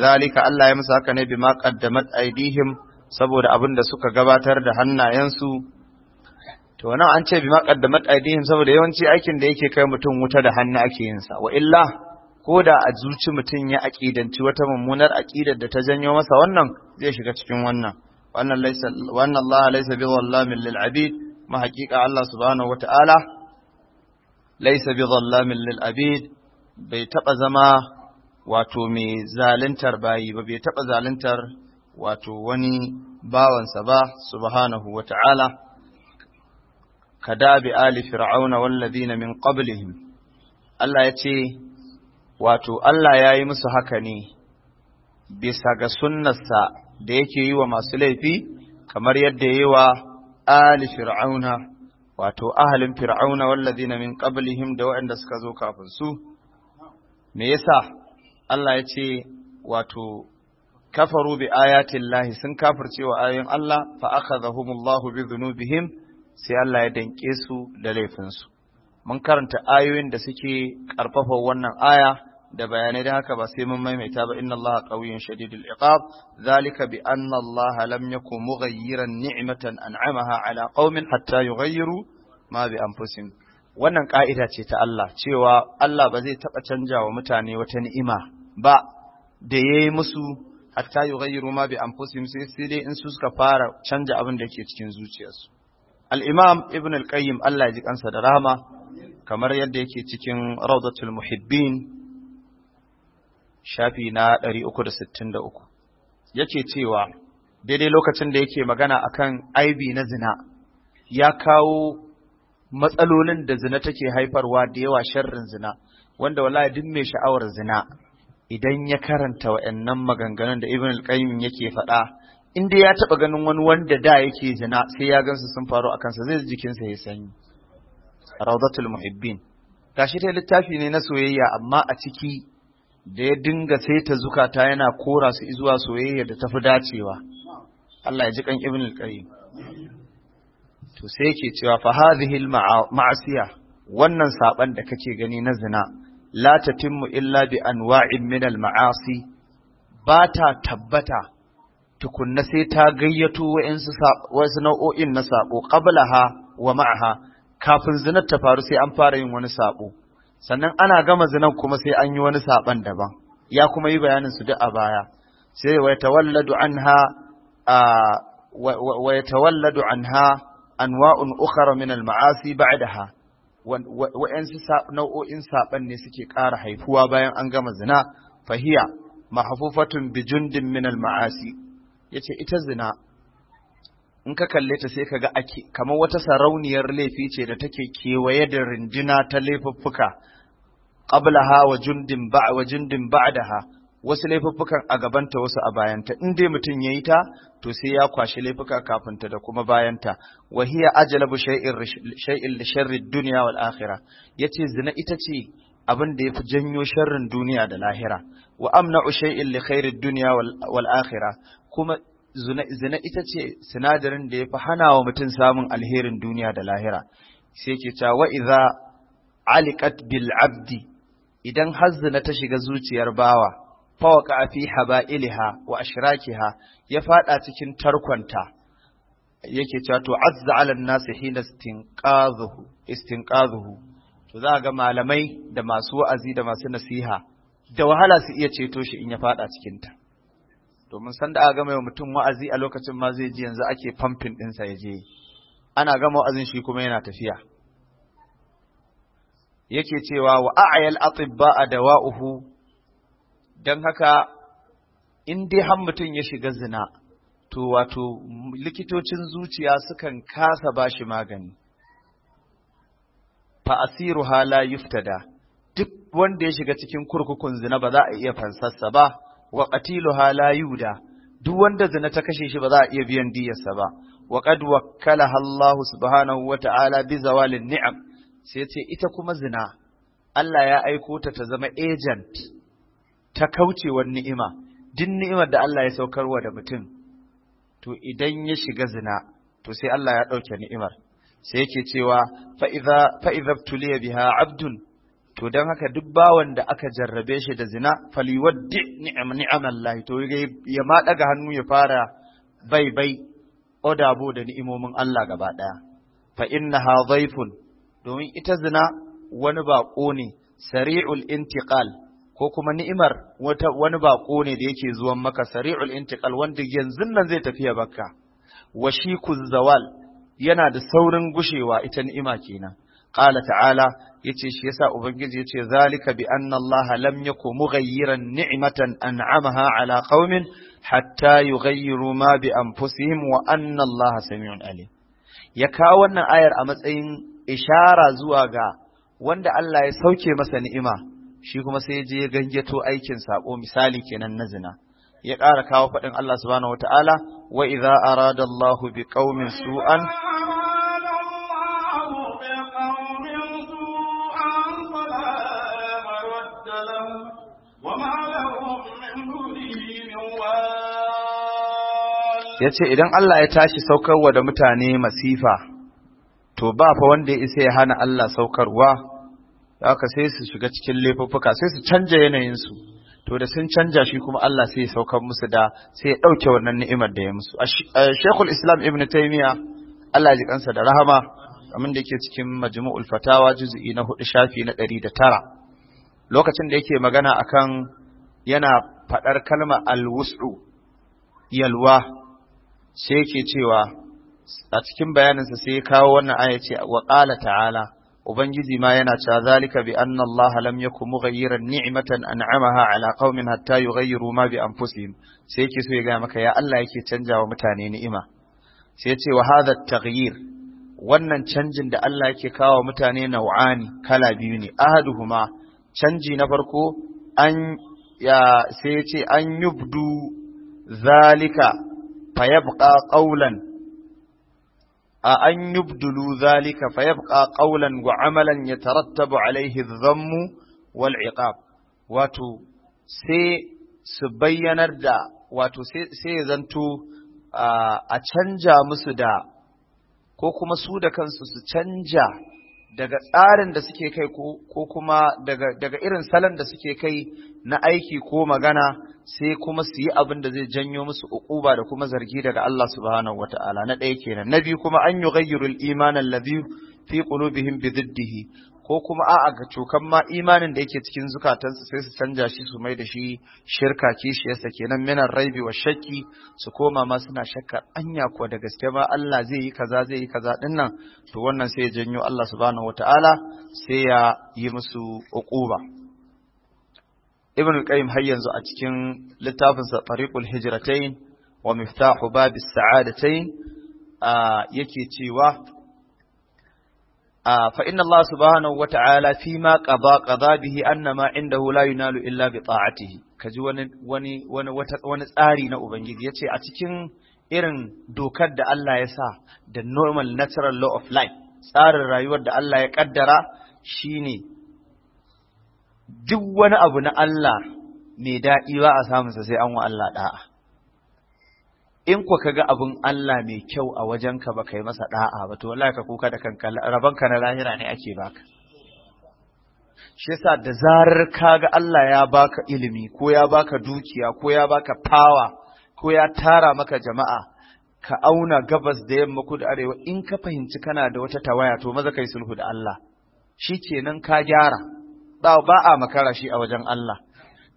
zalika Allah ya musa haka ne bima qaddamat aidihim saboda abin da suka gabatar da hannayensu to nan an ce bima qaddamat aidihim saboda yawanci aikin da yake kai mutum wuta da hannu ake yin sa wa illa ko da a zuci mutum ya aƙidanci wata mummunar aƙidar da ta janyo masa wannan zai shiga cikin wannan wannan laysa wannan Allah laysa bi zallamin lil abid ma haƙiƙa Allah subhanahu wata'ala laysa bi zallamin lil abid bai taba zama wato mai zaluntar bayi ba bai taba zaluntar wato wani bawansa ba subhanahu wata'ala kadabi ali fir'auna wallazina min qablihim Allah ya ce wato Allah ya yi musu haka ne bisa ga sunnarsa da yake yi wa masu laifi kamar yadda yi wa ali fir'auna wato ahalin fir'auna na min qablihim da waɗanda suka zo kafin su me yasa Allah ya ce wato kafaru bi ayatin lahi sun kafirce wa ayoyin Allah fa akhadhahumullahu bi dhunubihim sai Allah ya danke su da laifinsu mun karanta ayoyin da suke karfafa wannan aya da bayanai da haka ba sai mun maimaita ba inna Allah qawiyyun shadidul iqab zalika bi anna Allah lam yakun mughayyiran ni'matan an'amaha ala qaumin hatta yughayyiru ma bi anfusihim wannan ka'ida ce ta Allah cewa Allah ba zai taba canja wa mutane wata ni'ima ba da yayi musu hatta yughayyiru ma bi anfusihim sai sai dai in su suka fara canja abin da ke cikin zuciyarsu al-imam ibn al-qayyim Allah ya ji kansa da rahama kamar yadda yake cikin rawdatul muhibbin shafi na da 363 yake cewa daidai lokacin da yake magana akan aibi na zina ya kawo matsalolin da zina take haifarwa da yawa sharrin zina wanda wallahi duk mai sha'awar zina idan ya karanta wa'annan maganganun da Ibn al-Qayyim yake faɗa inda ya taɓa ganin wani wanda da yake zina sai ya gansu sun faru a kansa zai jikinsa ya sanyi rawdatul muhibbin gashi yi littafi ne na soyayya amma a ciki da ya dinga sai saita zukata yana kora su izuwa soyayya da tafi dacewa Allah ya ji kan ibn al-qayyim to sai yake cewa fa hadhihi al-ma'asiya wannan saban da kake gani na zina la tatimmu illa bi anwa'in min al-ma'asi ba ta tabbata tukunna sai ta gayyato wasu nau'o'in na sako qablaha wa ma'aha kafin zinar ta faru sai an fara yin wani saɓo. sannan ana gama zinan kuma sai an yi wani saban daban ya kuma yi bayanin su duk a baya sai wa yatawalladu anha wa yatawalladu anha anwa'un ukhra min al-ma'asi ba'daha wa'ansu nau'o'in saban ne suke ƙara haifuwa bayan an gama zina fahiya mahfufatun bijundin min al-ma'asi yace ita zina in ka kalle ta sai ka ga ake kamar wata sarauniyar laifi ce da take kewaye da rindina ta laifuffuka qablaha wa jundin ba wa jundin ba'daha wasu laifuffukan a gabanta wasu a bayanta in dai mutum ya yi ta to sai ya kwashi laifuka kafin ta da kuma bayanta wa hiya ajlabu shay'in shay'in li sharri dunya wal akhirah yace zina ita ce abin da fi janyo sharrin duniya da lahira wa amna'u shay'in li khairid dunya wal akhirah kuma zina ita ce sinadarin da ya fi hana wa mutum samun alherin duniya da lahira sai ke ta wa iza alikat bil abdi idan har ta shiga zuciyar bawa Fawa ka fi iliha wa ashirakiha ya fada cikin tarkonta yake cewa to azza ala nasi hina istinqazuhu istinqazuhu to za ga malamai da masu wa'azi da masu nasiha da wahala su iya ceto shi in ya fada cikin ta domin san da aka gama yau mutum wa'azi a lokacin ma zai ji yanzu ake famfin ɗinsa ya je ana gama wa'azin shi kuma yana tafiya yake cewa wa a'ayal atibba a dawa'uhu don haka in dai har mutum ya shiga zina to wato likitocin zuciya sukan kasa ba shi magani fa asiru hala yuftada duk wanda ya shiga cikin kurkukun zina ba za a iya fansarsa ba wa qatiluha la yuda duk wanda zina ta kashe shi ba za a iya biyan diyarsa ba wa qad wakkalaha Allah subhanahu wa ta'ala bi zawalin ni'am sai ce ita kuma zina Allah ya aiko ta ta zama agent ta kaucewar ni'ima duk ni'imar da Allah ya saukarwa da mutum to idan ya shiga zina to sai Allah ya dauke ni'imar sai yake cewa fa idza fa biha abdun to don haka duk bawan da aka jarrabe shi da zina faliwaddi ni'am ni'am Allah to ya ma daga hannu ya fara bai bai odabo da ni'imomin Allah gaba ɗaya. fa inna ha zaifun domin ita zina wani baƙo ne sari'ul intiqal ko kuma ni'imar wata wani baƙo ne da yake zuwan maka sari'ul intiqal wanda yanzu nan zai tafi ya bakka washiku zawal yana da saurin gushewa ita ni'ima kenan qala ta'ala yace shi yasa ubangiji yace zalika bi anna Allah lam yaku mughayyiran ni'matan an'amaha ala qaumin hatta yughayyiru ma bi anfusihim wa anna Allah samiun alim ya kawo wannan ayar a matsayin ishara zuwa ga wanda Allah ya sauke masa ni'ima shi kuma sai ya je ya gangeto aikin sako misali kenan na zina ya ƙara kawo faɗin Allah subhanahu wataala wa idza arada Allah bi qaumin su'an ya ce idan Allah ya tashi saukarwa da mutane masifa to ba fa wanda ya isa ya hana Allah saukarwa haka sai su shiga cikin laifuffuka sai su canja yanayinsu to da sun canja shi kuma Allah sai ya saukar musu da sai ya ɗauke wannan ni'imar da ya musu Sheikhul Islam Ibn Taymiyyah Allah ji kansa da rahama abin da yake cikin Majmu'ul Fatawa juz'i na 4 shafi na ɗari da tara. lokacin da yake magana akan yana faɗar kalma al-wus'u yalwa sai yake cewa a cikin bayaninsa sai ya kawo wannan aya ce wa qala ta'ala ubangiji ma yana cewa zalika bi anna Allah lam yakun mughayyiran ni'matan an'amaha ala qaumin hatta yughayyiru ma bi anfusihim sai yake so ya ga maka ya Allah yake canjawa mutane ni'ima sai ya ce wa hadha at-taghyir wannan canjin da Allah yake kawo mutane nau'ani kala biyu ne ahaduhuma canji na farko an ya sai yace ce an yubdu zalika فيبقى قولا أن يبدلوا ذلك فيبقى قولا وعملا يترتب عليه الذم والعقاب واتو سي سبينا دا واتو سي, سي زنتو أتشنجا مسدا ko kuma su da kansu su canja daga tsarin da suke kai ko kuma daga irin salon da suke kai na aiki ko magana sai kuma su yi abin da zai janyo musu uquba da kuma zargi daga Allah subhanahu wataala na ɗaya kenan na biyu kuma an yi al-iman alladhi fi qulubihim bi ko kuma a'a ga cokan ma imanin da yake cikin zukatansu sai su canja shi su mai da shi shirka kishiyarsa kenan minan raibi wa shakki su koma ma suna shakkar anya ko da gaske ba Allah zai yi kaza zai yi kaza din nan to wannan sai ya janyo Allah subhanahu wataala sai ya yi musu uquba ibn al-qayyim har yanzu a cikin littafinsa tariqul hijratain wa miftahu babis sa'adatain yake cewa fa inna Allah subhanahu wa ta'ala fi ma qada qada bihi annama indahu la yunalu illa bi ta'atihi kaji wani wani wani wata wani tsari na ubangiji yace a cikin irin dokar da Allah ya sa da normal natural law of life tsarin rayuwar da Allah ya kaddara shine duk wani abu na Allah mai daɗi ba a samunsa sai an wa Allah da'a in ku kaga abin Allah mai kyau a wajenka ba kai masa da'a ba to wallahi ka kuka da kanka rabanka na lahira ne ake baka shi yasa da zarar kaga Allah ya baka ilimi ko ya baka dukiya ko ya baka power ko ya tara maka jama'a ka auna gabas da yamma kudu arewa in ka fahimci kana da wata tawaya to maza kai sulhu da Allah shi kenan ka gyara ba ba a makara shi a wajen Allah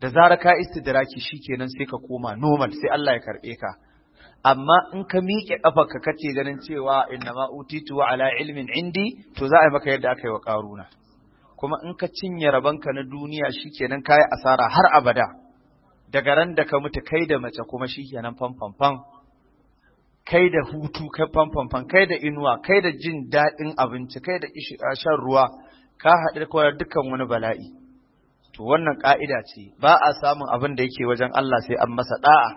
da zarar ka istidraki shi kenan sai ka koma normal sai Allah ya karbe ka amma in ka miƙe ƙafarka kace ganin cewa inna ma utitu ala ilmin indi to za a yi maka yadda aka yi wa ƙaruna kuma in ka cinye rabanka na duniya shikenan yi asara har abada daga ran da ka mutu kai da mace kuma shikenan fanfanfan kai da hutu kai fanfanfan kai da inuwa kai da jin daɗin abinci kai da shan ruwa ka haɗu da dukkan wani bala'i to wannan ƙa'ida ce ba a samun abin da yake wajen Allah sai an masa ɗa'a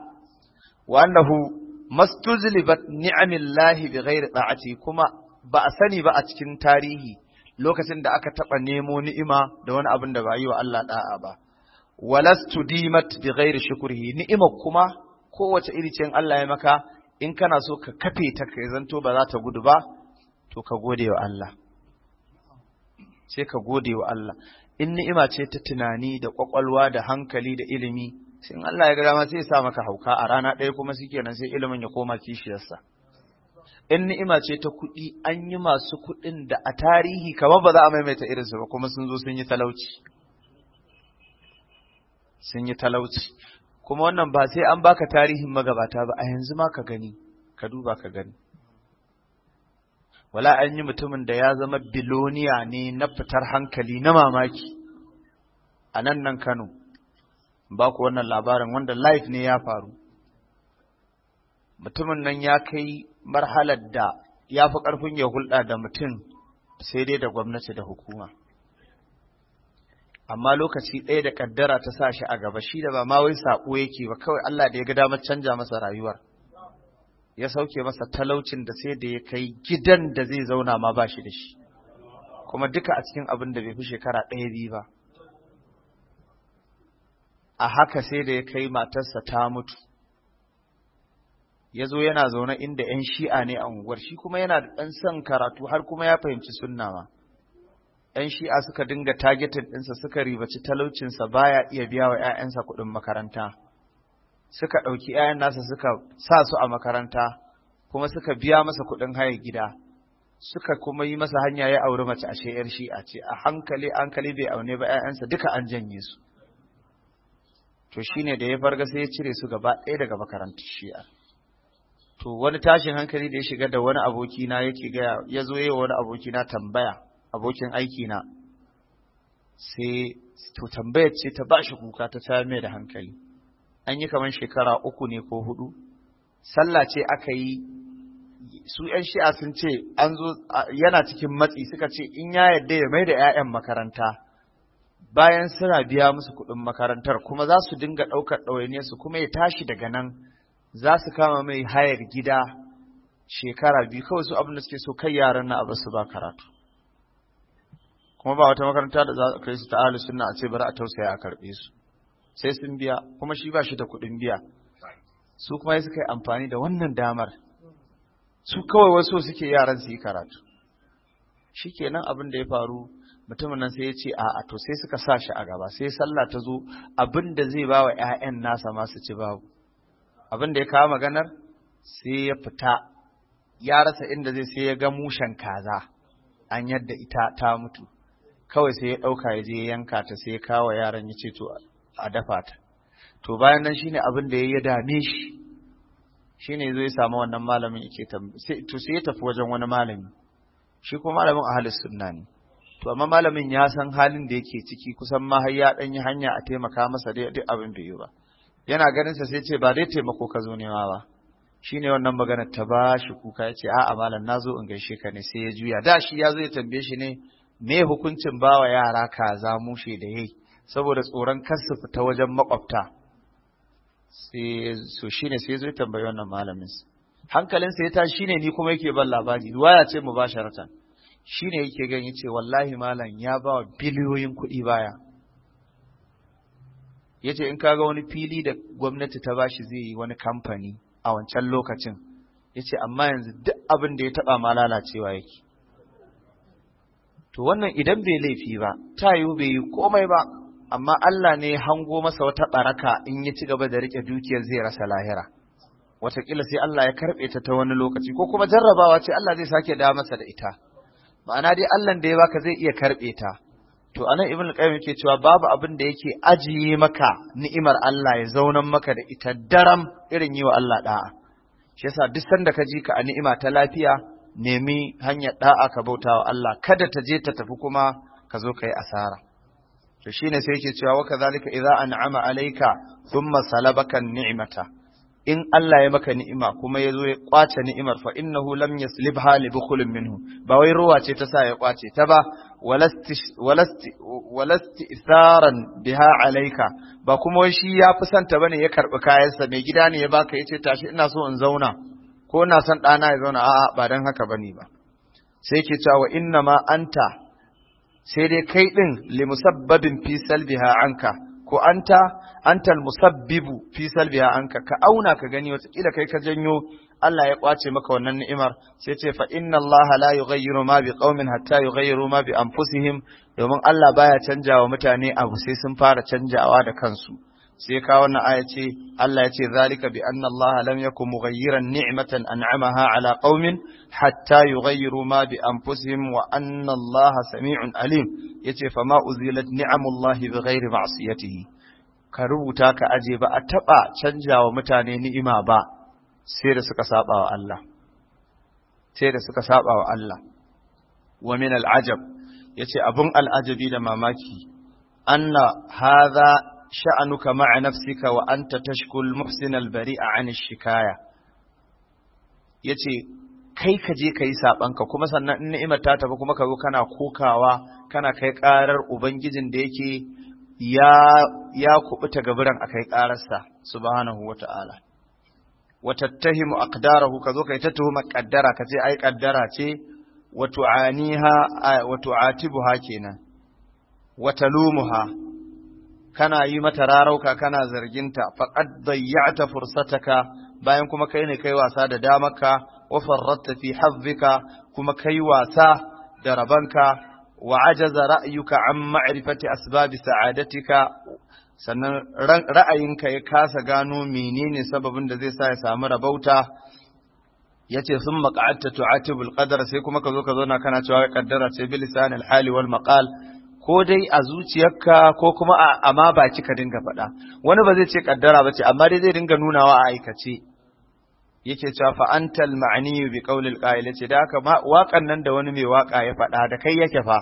wa annahu mastuzlibat ni'amillahi bighairi da'ati kuma ba a sani ba a cikin tarihi lokacin da aka taba nemo ni'ima da wani abin da ba yi wa Allah da'a ba walastu dimat bighairi shukrihi ni'ima kuma kowace iri ce Allah ya maka in kana so ka kafe ta kai zanto ba za ta gudu ba to ka gode wa Allah sai ka gode wa Allah in ni'ima ce ta tunani da kwakwalwa da hankali da ilimi Shin Allah ya ga dama sai ya sa maka hauka a rana ɗaya kuma kenan sai ilimin ya koma kishiyarsa. In ni'ima ce ta kuɗi an yi masu kuɗin da a tarihi kamar ba za a maimaita irinsu ba kuma sun zo sun yi talauci. Sun yi talauci. Kuma wannan ba sai an baka tarihin magabata ba a yanzu ma ka gani, ka duba ka gani. Wala an yi mutumin da ya zama biloniya ne na fitar hankali na mamaki a nan nan Kano. ba ku wannan labarin wanda life ne ya faru mutumin nan ya kai marhalar da ya fi ƙarfin ya hulɗa da mutum sai dai da gwamnati da hukuma amma lokaci ɗaya da ƙaddara ta sa shi a gaba shi da ba ma wai saƙo yake ba kawai Allah da ya ga damar canja masa rayuwar ya sauke masa talaucin da sai da ya kai gidan da zai zauna ma ba shi da shi kuma duka a cikin abin da bai fi shekara ɗaya biyu ba a haka sai da ya kai matarsa ta mutu ya zo yana zaune inda 'yan shi'a ne a unguwar shi kuma yana da ɗan son karatu har kuma ya fahimci sunna ma 'yan shi'a suka dinga targeted ɗinsa suka ribaci talaucinsa baya iya biya wa 'ya'yansa kuɗin makaranta suka ɗauki 'ya'yan nasa suka sa su a makaranta kuma suka biya masa kuɗin haya gida suka kuma yi masa hanya ya auri mace a ashe 'yar shi'a ce a hankali hankali bai aune ba 'ya'yansa duka an janye su to shine da ya farga sai ya cire su gaba ɗaya daga makarantar shi'a to wani tashin hankali da ya shiga da wani aboki na yake gaya ya zo yi wa wani aboki na tambaya abokin aiki na sai to tambayar ce ta ba shi kuka ta tayar mai da hankali an yi kamar shekara uku ne ko hudu sallah ce aka yi su yan shi'a sun ce an zo yana cikin matsi suka ce in ya yarda ya mai da 'ya'yan makaranta bayan suna biya musu kuɗin makarantar kuma za su dinga ɗaukar ɗawainiyarsu kuma ya tashi daga nan za su kama mai hayar gida shekara biyu kawai su abin da suke so kai yaran na a su ba karatu kuma ba wata makaranta da za a kai su ta suna sunna a ce bari a tausaya a karɓe su sai sun biya kuma shi ba shi da kuɗin biya su kuma ya suka yi amfani da wannan damar su kawai wasu suke yaran su yi karatu shikenan abin da ya faru mutumin nan sai ya ce a'a to sai suka sa shi a gaba sai sallah ta zo abin da zai ba wa 'ya'yan nasa masu ci babu abin da ya kawo maganar sai ya fita ya rasa inda zai sai ya ga mushen kaza an yadda ita ta mutu kawai sai ya ɗauka ya je yanka ta sai ya kawo yaran ya ce to a dafa ta to bayan nan shine abin da ya yi dame shi shine zai samu wannan malamin yake to sai ya tafi wajen wani malami shi kuma malamin ahlus sunna ne to amma malamin ya san halin da yake ciki kusan ma har ya dan yi hanya a taimaka masa dai duk abin bai yi ba yana ganin sa sai ce ba dai taimako ka zo nema ba shine wannan magana ta ba shi kuka ya ce a'a malam na zo in gaishe ka ne sai ya juya da shi ya zo ya tambaye shi ne me hukuncin bawa yara kaza mushe da yayi saboda tsoron kar su fita wajen makwabta sai so shine sai ya zo ya tambayi wannan malamin hankalinsa ya tashi ne ni kuma yake ban labari "Waya ce mu ba sharatan shi ne yake gani ce wallahi malam ya ba wa biliyoyin kuɗi baya ya ce in kaga wani fili da gwamnati ta bashi zai yi wani kamfani a wancan lokacin ya ce amma yanzu duk abin da ya taɓa ma lalacewa yake to wannan idan bai laifi ba ta yiwu bai yi komai ba amma Allah ne hango masa wata baraka in ya ci gaba da riƙe dukiyar zai rasa lahira wataƙila sai Allah ya karɓe ta ta wani lokaci ko kuma jarrabawa ce Allah zai sake da masa da ita ma'ana dai Allahn da ya baka zai iya karɓe ta to anan ibn qayyim yake cewa babu abin da yake ajiye maka ni'imar Allah ya zauna maka da ita daram irin yi wa Allah da'a shi yasa duk sanda ka ji ka a ni'ima ta lafiya nemi hanyar da'a ka bauta wa Allah kada ta je ta tafi kuma ka zo ka asara to shine sai yake cewa wa kazalika idza an'ama alayka thumma salabaka ni'mata in Allah ya maka ni'ima kuma ya zo ya kwace ni'imar fa innahu lam yaslibha li bukhulin minhu ba wai ruwa ce ta sa ya kwace ta ba walasti isaran biha alaika ba kuma wai shi ya fi santa bane ya karbi kayansa mai gida ne ya baka yace tashi ina so in zauna ko ina son ɗana ya zauna a'a ba dan haka bane ba sai ke cewa inna ma anta sai dai kai din li musabbabin fi salbiha anka ko anta antal musabbibu fi salbiha anka ka auna ka gani kila kai ka janyo Allah ya kwace maka wannan ni'imar sai ce fa inna Allah la yughayyiru ma bi qaumin hatta yughayyiru ma bi anfusihim domin Allah baya canjawa mutane abu sai sun fara canjawa da kansu sai ka wannan aya ce Allah ya ce zalika bi anna Allah lam yakun mughayyiran ni'matan an'amaha ala qaumin hatta yughayyiru ma bi anfusihim wa anna Allah sami'un alim yace fa ma uzilat ni'amullahi bighairi ma'siyatihi ka rubuta ka aje ba a taɓa canjawa mutane ni'ima ba sai da suka saba wa Allah sai da suka saba wa Allah wa min al'ajab yace abun al'ajabi da mamaki anna hadha sha'anuka ma'a nafsika wa anta tashkul muhsin al-bari'a 'an ash-shikaya yace kai ka je ka yi ka kuma sannan in ni'imar ta tafi kuma ka zo kana kokawa kana kai ƙarar ubangijin da yake ya ya kubuta gaburan akai kararsa subhanahu wata'ala watattahimu aqdarahu kazo kai ta tuhuma qaddara kace ai qaddara ce wa tu'aniha wa tu'atibuha kenan watalumuha lumuha, kana yi mata rarauka kana zarginta faqad dayya'ta fursataka bayan kuma kai ne kai wasa da damarka wa farratta fi hazzika kuma kai wasa da rabanka وعجز رأيك عن معرفة أسباب سعادتك sannan ra'ayinka ya kasa gano menene sababin da zai sa ya rabauta ya ce sun maƙa'atta tu'atibul qadar sai kuma kazo-kazo ka zauna kana cewa ya kaddara ce bi hali wal maqal ko dai a zuciyarka ko kuma a amma baki ka dinga faɗa wani ba zai ce kaddara ba ce amma dai zai dinga nunawa a aikace yake cewa fa antal ma'ani bi qawlil qa'il ce da haka waƙan nan da wani mai waƙa ya faɗa da kai yake fa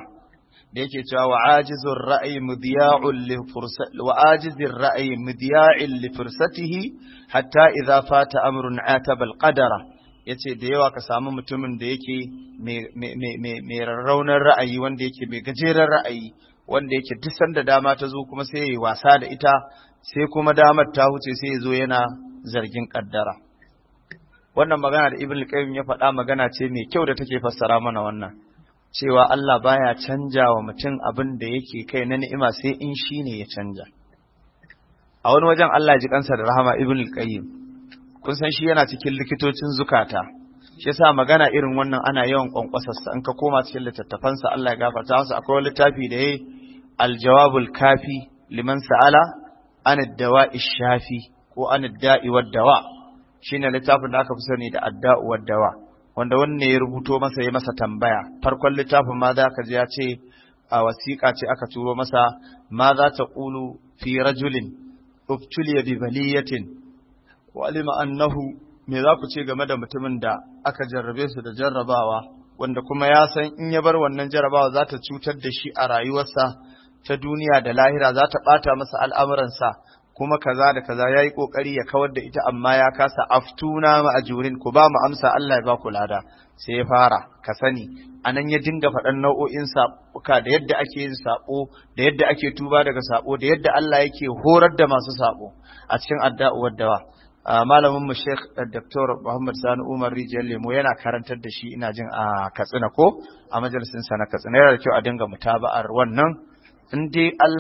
da yake cewa wa ajizur ra'i mudiya'un li fursati wa ajizir ra'i mudiya'in li fursatihi hatta idza fata amrun ataba al-qadara yace da yawa ka samu mutumin da yake mai rarraunar ra'ayi wanda yake mai gajeren ra'ayi wanda yake duk da dama ta zo kuma sai ya yi wasa da ita sai kuma damar ta huce sai ya zo yana zargin kaddara wannan magana da ibn al-qayyim ya faɗa magana ce mai kyau da take fassara mana wannan cewa Allah baya canja wa mutum abin da yake kai na ni'ima sai in shi ya canja a wani wajen Allah ji kansa da rahama ibn al-qayyim kun san shi yana cikin likitocin zukata shi yasa magana irin wannan ana yawan kwankwasarsa in ka koma cikin littattafansa Allah ya gafarta masa akwai wani littafi da yayi al-jawabul kafi liman sa'ala an ad-dawa'i shafi ko an ad-da'i wad-dawa' shine littafin da aka fi sani da adda'u wad dawa wanda wanne ya rubuto masa ya masa tambaya farkon littafin ma za ka ji ya ce a wasiƙa ce aka turo masa ma za ta ƙulu fi rajulin uftuliya bi baliyatin walima alima annahu me za ku ce game da mutumin da aka jarrabe su da jarrabawa wanda kuma ya san in ya bar wannan jarrabawa za ta cutar da shi a rayuwarsa ta duniya da lahira za ta ɓata masa al'amuransa kuma kaza da kaza yayi kokari ya kawar da ita amma ya kasa aftuna ajurin ku ba mu amsa Allah ya ba ku lada sai ya fara ka sani anan ya dinga faɗan nau'o'in sabuka da yadda ake yin sabo da yadda ake tuba daga sabo da yadda Allah yake horar da masu sabo a cikin addu'ar dawa malamin mu Sheikh eh, Dr. Muhammad Sani Umar Rijiyar Lemo yana karantar da shi ina jin a Katsina ko a majalisin sa na Katsina yana da kyau a dinga mutaba'ar wannan in dai Allah